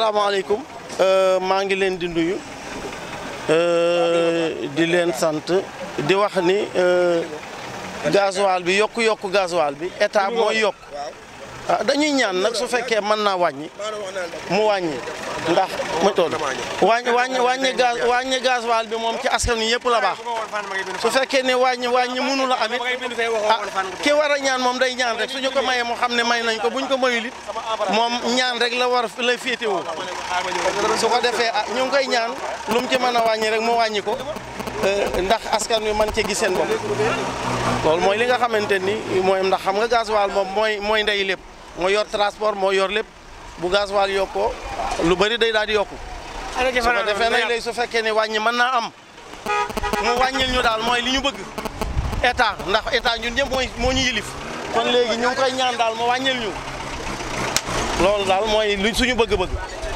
asalaamaaleykum ee, maa ngi leen di nuyu ee, di leen sant di wax ni ee, gasoil bi yokku yokku gasoil bi état mooy yokk ah dañuy ñaan nag su fekkee mën naa wàññi mu wàññi ndax mu toll wàññi wàññi wàññi gaz wàññi gaz waal bi moom ci askan wi yëpp la baax su fekkee ne wàññi wàññi mënu la amit ah ki war a ñaan moom day ñaan rek suñu ko mayee mu xam ne may nañ ko buñ ko mayul it moom ñaan rek la war lay féetewoo su ko defee ah ñu koy ñaan lu ci mën a wàññi rek mu wàññi ko eh, ndax askan wi man ci gis seen bopp loolu mooy li nga xamante ni mooy ndax xam nga gaz waal moom mooy mooy ndey lépp moo yor transport moo yor lépp bu gasoil yokkoo lu bari day daal di yokku su ko defee su fekkee ne wàññi mën naa am mu wàññil ñu daal mooy li ñu bëgg état ndax état ñun ñëpp mooy moo ñu yilif kon léegi ñu ngi koy ñaan daal mu wàññil ñu loolu daal mooy lu suñu bëgg-bëgg